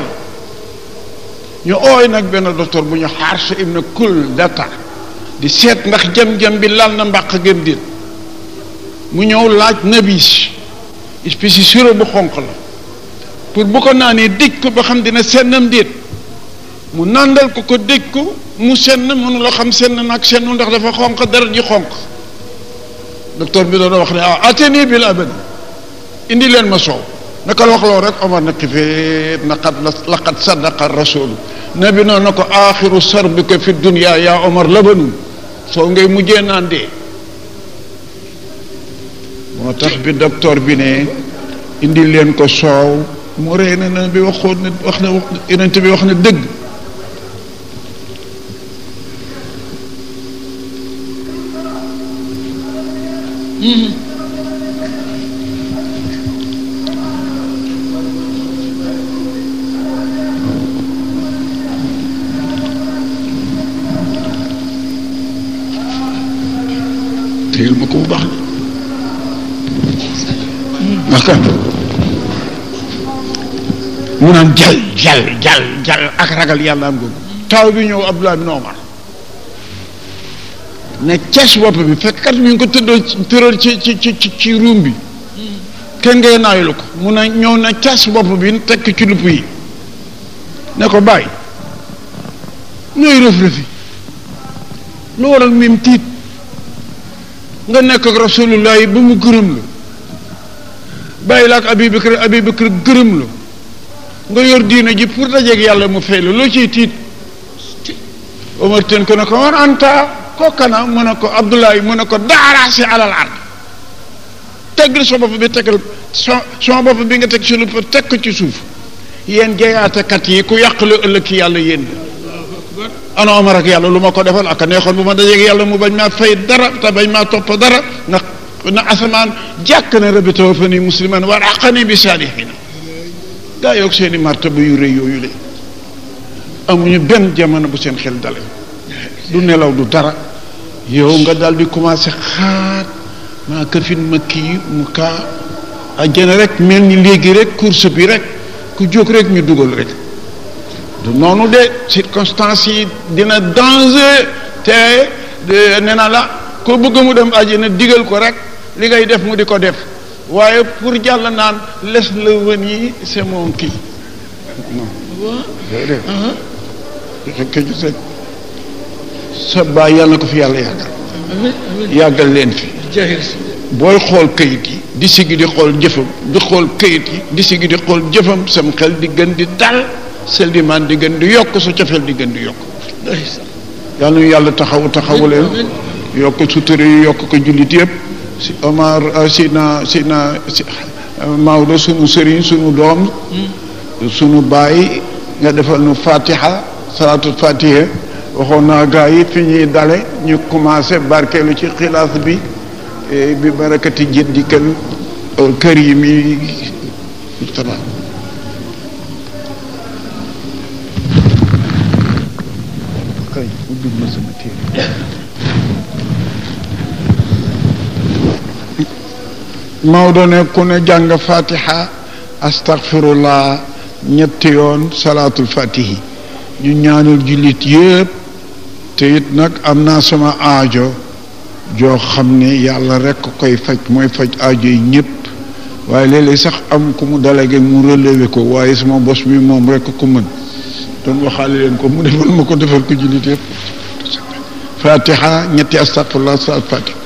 ñu ooy nag benn docteur bu ñu xaar sa ibna data di seet ndax jam-jam bi laal na mbàq gën dit mu ñëw laaj nabis espèce yi sure bu xonq la pour bu ko naanee dëj ko ba xam dina sennam déet mu nàndal ko ko dëj ko mu senn mënu la xam senn nag sennul ndax dafa xonq dara i xonq docteur bi doon wax ne ah ateni bil abad indi leen ma soow naka la wax loo rek omar na xiféet naqat laqat sadaqa rasulu nabi noonu na ko axiru sarbika fi dunya yaa omar labanun soow ngay mujjee naan dee moo tax bi docteur bi ne indi leen ko soow mu ree na wax na yenent bi wax na dëgg ndax kan mu naan jal jal jal jal ak ragal yàllaam googu taw bi ñëw Abdullah bin Omar ne ces bopp bi fekk kat mi ngi ko tëddoo tëral ci ci ci ci ruum bi kenn ngay ko mu ne ñëw na ces bopp bi teg ci lupp yi ne ko bàyyi looy rëf-rëfi lu waral mim tiit nga nekk ak rasulullah yi ba mu gërëm la bay laak ak Abi Bakr Abi Bakr gërëm la nga yor diina ji pour dajeeg yàlla mu fay la loo ci tiit Omar ten ko ne ko man anta ko kana mu ne ko Abdoulaye mu ne ko daaraasi alal ard teggal soo bopp bi teggal soo soo bopp nga teg ci lu teg ko ci suuf yéen jeyaatekat yi ku yàq la ëllëg ci yàlla yéen ana Omar ak yàlla lu ma ko defal ak a neexoon bu ma dajeeg yàlla mu bañ maa fay dara te bañ maa topp dara na asamaan jàkk na rabitoo fa ni musliman war aqani bi saalihina gaa yoog seen martaba yu rëy yooyu le amuñu benn jamono bu seen xel dale du nelaw du dara yow nga dal di commencé xaat maa këfin ma kii mu kaa ajjana rek mel ni léegi rek course bi rek ku jóg rek ñu dugal rek du noonu de circonstances yi dina danger te nee na la ko bëgg mu dem ajjana digal ko rek li ngay def mu di ko def waaye pour jàll naan les la venir c'est mon kii uh-huh. sa baay yàlla na ko fi yàlla yàggal uh-huh. yàggal leen fi booy xool këyit yi di sigi di xool jëfam di xool këyit yi di sigi di xool jëfam sam xel di gën di dal selimaan di gën di yokk su cofeel di gën di yokk yàlla ñu yàlla taxawu taxawu leen yokk sutura yi yokk ko jullit yëpp si Omar ah, Sidna Sidna ah, Maodo sunu sëriñ sunu doom hmm. sunu baay nga defal nu fatiha salaatul fatiha waxoon naa gaa yi fi ñuy dale ñu commencé barkeelu ci xilaas bi e, bi barakati jëddi kër euh, kër yi mi salaam Maodo ne ku ne jàng fatiha astaghfirullah ñetti yoon salaatul fatihi ñu ñaanul jullit yépp te it nag am naa sama aajo joo xam ne yàlla rekk koy faj mooy faj aajo yi ñépp waaye léeg sax am ku mu délégué mu relevé ko waaye sama bos bi moom rekk ko mën doon waxaale leen ko mu defal ma ko defal ko jullit yépp fatiha ñetti astaghfirullah salaatul fatiha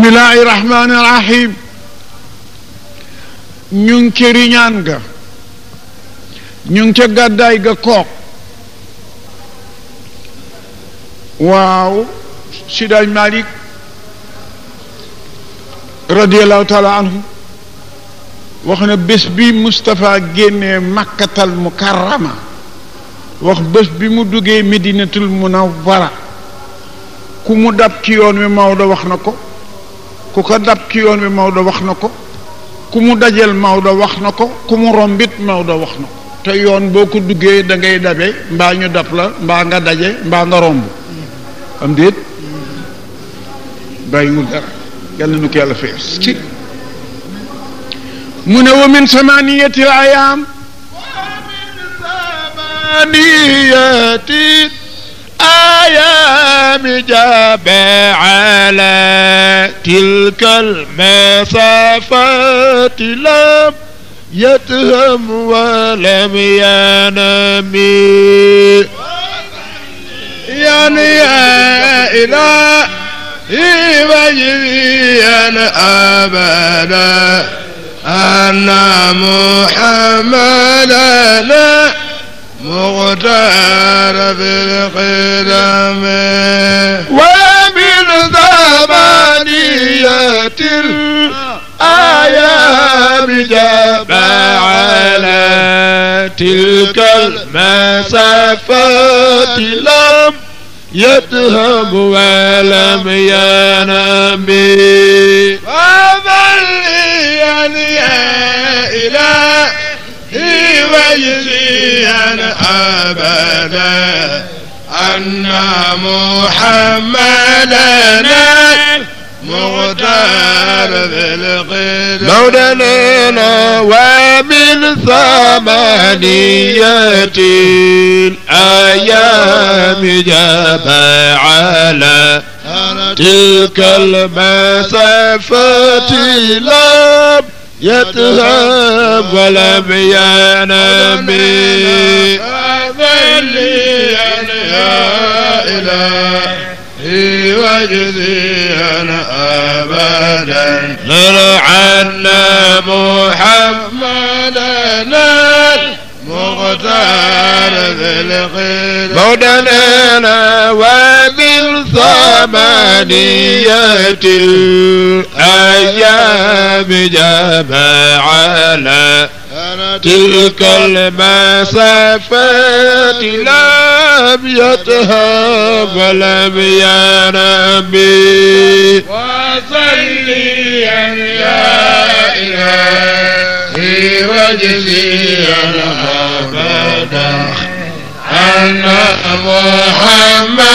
bismillahi rahmaani rahim ñu ngi ca riñaan ga ñu ngi ca gàddaay ga kook waaw sidaaj malik radiallahu taala anhu wax na bés bi Moustapha génnee makkatal mukarrama wax bés bi mu duggee medinatul munawwara ku mu dab ci yoon wi Maodo wax na ko ku ko dab ci yoon wi Maodo wax na ko ku mu dajeel Maodo wax na ko ku mu rombit Maodo wax na ko te yoon boo ko duggee dangay dabe mbaa ñu dab la mbaa nga daje mbaa nga romb mu ne wa min samaniyati ayaam الأيام جاب على تلك المسافات لم يتهم ولم ينمي يعني إلى وجهيا أبدا أن محمدا مغتار في القدم ومن زمانية الأيام جاب على تلك المسافات لم يذهب ولم ينام فمن لي يا إله تجزيا أبدا أن محمدنا مغتار بالغير مولانا ومن ثمانية الأيام جاب على تلك المسافة لم يتهاب ولم ينبي أذلي يا إلهي واجزي أنا أبدا نرعى محمدا وصار ذي الخير مودنا وبالثمانية الأيام جمع على تلك المسافات لم يطهى ولم ينبي وصليا يا إلهي وجزيا أن محمدا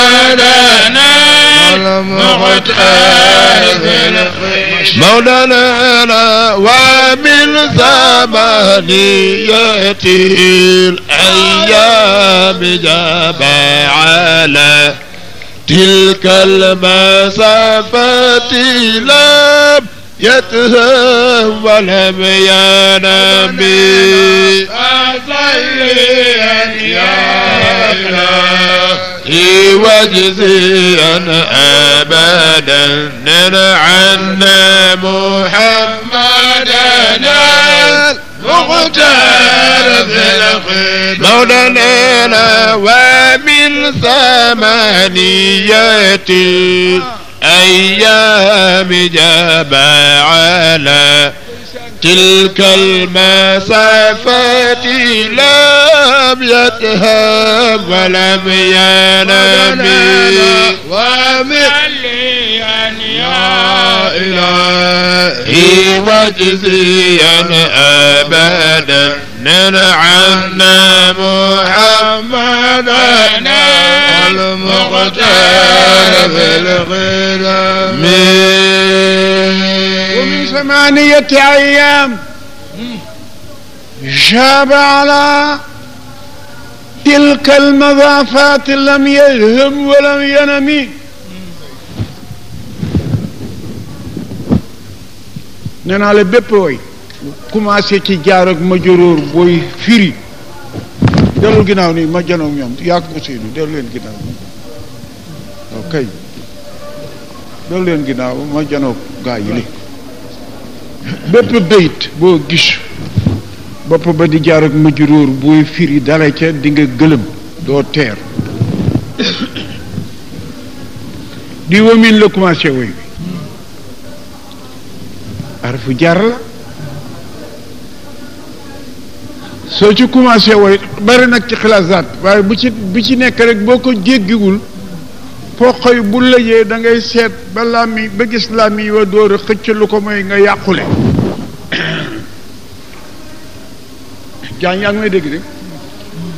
المختار في الخير مولانا لا ومن ثمانيته الأيام جاب على تلك المسافة لم يتهم ولم ينم أطيعني وجزيا أبدا عنا محمدا مختار في الخير مولانا ومن ثمانية أيام جبع على تلك المسافات لم يتهب ولم ينمي ومليا يا إلهي وجزيا أبدا ننعنا محمدا المختار بالغرام ومن ثمانية أيام جاب على تلك المضافات لم يذهب ولم ينم nee naa la bépp way commencé ci jaar ak ma juróor booy firi dellu ginnaaw nii ma janoog ñoom yàgg ko Seydou dellu leen ginnaaw ok dellu leen ginnaaw ma janoog gaa yi bépp bayit boo gis bopp ba di jaar ak mujjuróor booy firi dala ca dinga nga gëlëm doo teer di wamin la commencé woy bi arfu jaar la soo ci commencé woy bari nag ci xilaasaat waaye bu ci bu ci nekk rek boo ko jéggiwul poqoy bu lëjee seet ba làmmiñ ba wa dóor a xëcc nga yàqule jaan yaa ngi may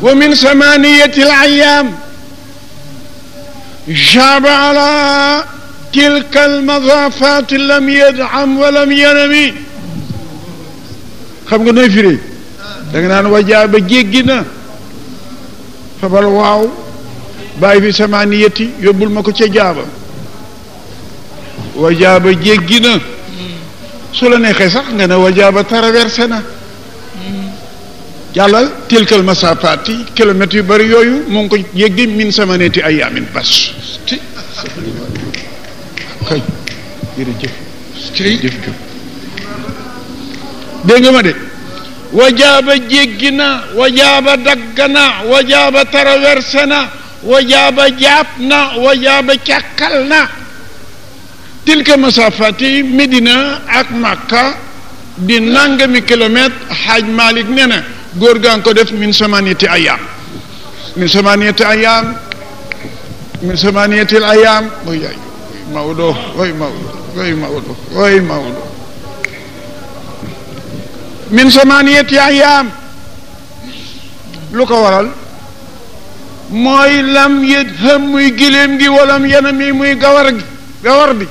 wa min samaniyati l ayaam jaba ala tilka almadafat lam yadam wa lam yanami xam nga nooy firi da nga naan wajaaba jéggi na waaw bàyyi fi samaaniyati yóbbul ma ko ca jaaba wajaaba jéggi na mm. su la neexee sax nga ne wajaaba traversé na yàlla mm. tilkal masafaati kilomètres yu bari yooyu mu ngi ko jéggi min samaaniyati ayaamin bas kay jërëjëf ma de wajaaba jéggi na wajaaba dagg na wajaaba traversé na wajaaba jaab na wajaaba càkkal na tilka masafati Medina ak Makka di nangami kilomètre xaaj Malik nee na góor ko def min samaniyati ayaam min samaniyati ayaam min samaniyati ayaam min samaniyati ayaam lu ko waral mooy lam yadham muy giléem gi walam yanami muy gawar gi gawar bi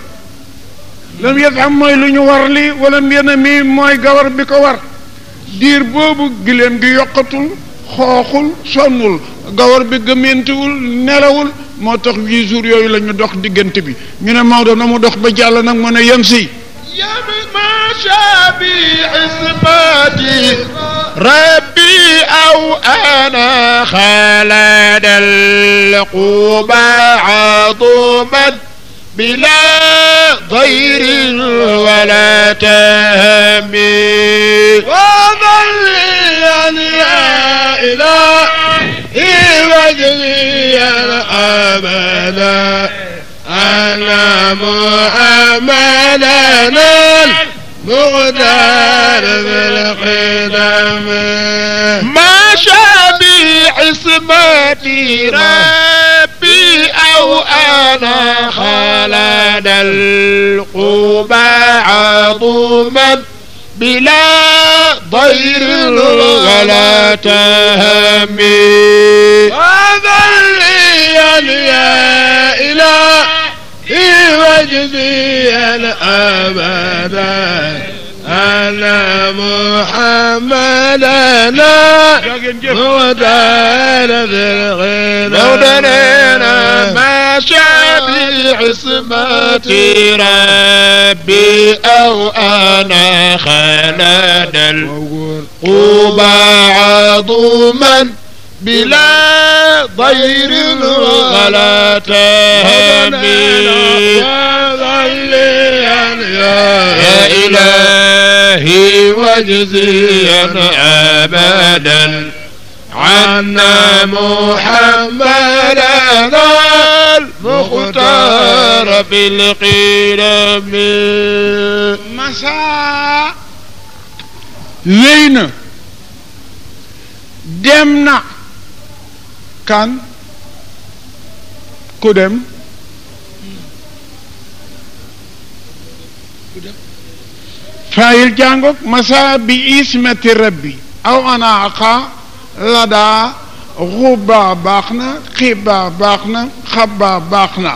lam yadham mooy lu ñu war li walam yanami mooy gawar bi ko war diir boobu giléem gi yokkatul xooxul sonnul gawar bi gëmentiwul nelawul moo tax huit jours yooyu la dox diggante bi ñu ne Maodo na mu dox ba jàll nag mën a yem si. ربي أو أنا خالد القوبى عظمت بلا ضير ولا تهمي ومن لي لا إله وجهي أبدا أنا محمدا المقدار بالقدر ما شابي عصمتي ربي أو أنا خلد القبى عظما بلا ضير ولا تهمي هذا اللي يا إله في وجدي أبدا أن محمدا هو دار بالغنى لو بنينا ما شاء بالعصمة ربي أو أنا خلد القبى عظما بلا ضير الغلاة همي وظليا يا إلهي واجزيا أبدا عنا محمدا المختار بالقلم مساء وين دمنا kaan ku dem fayil jàngoog masa bi ismati rabbi aw anaaqa ladaa xuba baax na xiba baax na xaba baax na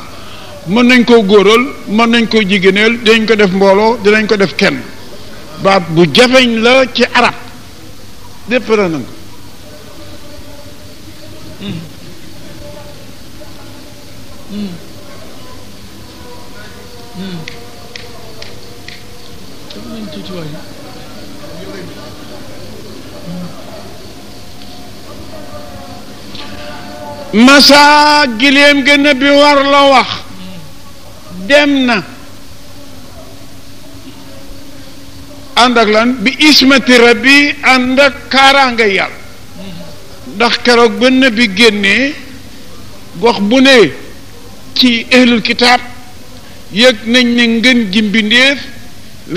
mën nañ koo góoral mën nañ koo jigéeneel dañ ko def mbooloo dinañ ko def kenn baat bu jafeñ la ci arab dépp ra nañ ko dafa nañ tuuti waay masa giléem gën bi war la wax dem na bi ismati rabbi ànd ak kaaraanga ndax keroog ba bi génnee gox bu ne ci ahlul kitaab yëg nañ ne ngën gi mbindéef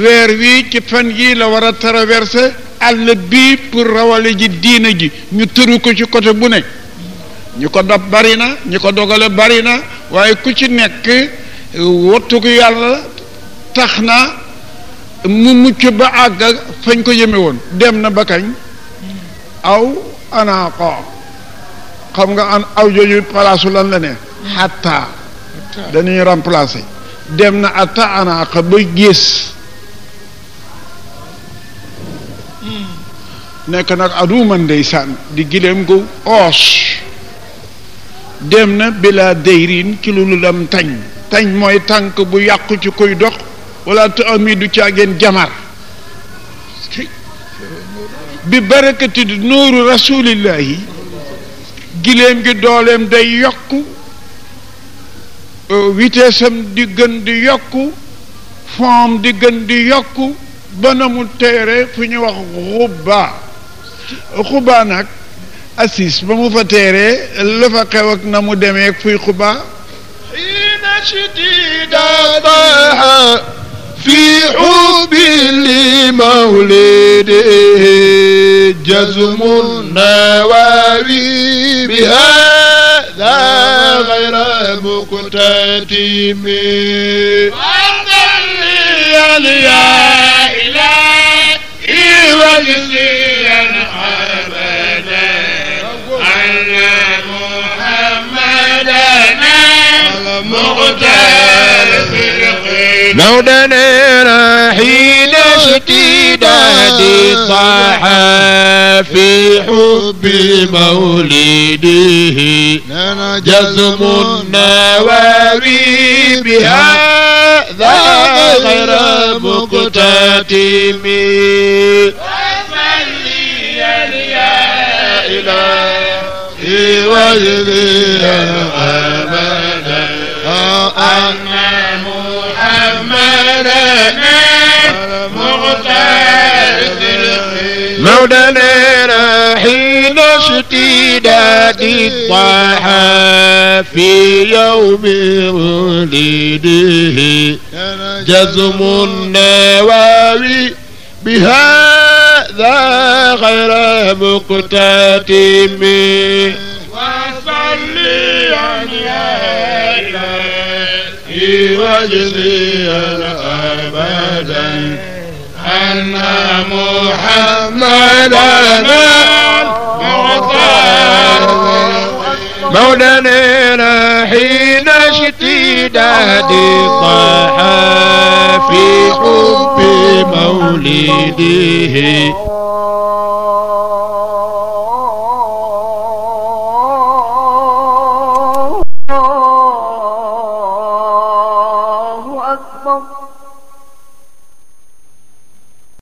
weer wi ci fan yi la war a traversé àll bi pour rawale ji diina ji ñu tëru ko ci côté bu ne ñu ko dab bari na ñu ko dogale bari na waaye ku ci nekk euh, wattu ko yàlla tax na mu mucc ba àgg fañ ko yëme woon dem na ba kañ aw anaaqa xam nga an aw jooju palaasu lan la ne xatta dañuy remplacer dem na atta anaaqa ba gées hmm. nekk nag aduma ndeysaan di gileem gu oos dem na bila deyrin ci lu tañ tañ mooy tànk bu yàqu ci kuy dox wala te ami du caageen jamar bi barakati nuuru rasulillahi giléem gi dooleem day yokk euh, vitesse am di gën di yokk forme di gën di yokk ba na mu teere fu ñu wax xubaa xubaa nag assis ba mu fa teeree la fa xew ak na mu demee fuy xubaa في حب لمولده جزم النواري بهذا غير مكتتم وارضا لي يا إلهي وجزي مولنا حين اشتداد الصحا في حب مولده جزم النواري بهذا غير مقتتم في وجهها أبدا أمام مولانا مختار مولانا رحيل اشتداد الضحى في يوم مولده جزم النواوي بهذا غير مقتتم وصلي عن يا إلهي واجزي أبدا أن محمدا مولانا حين اشتداد طحى في حب مولده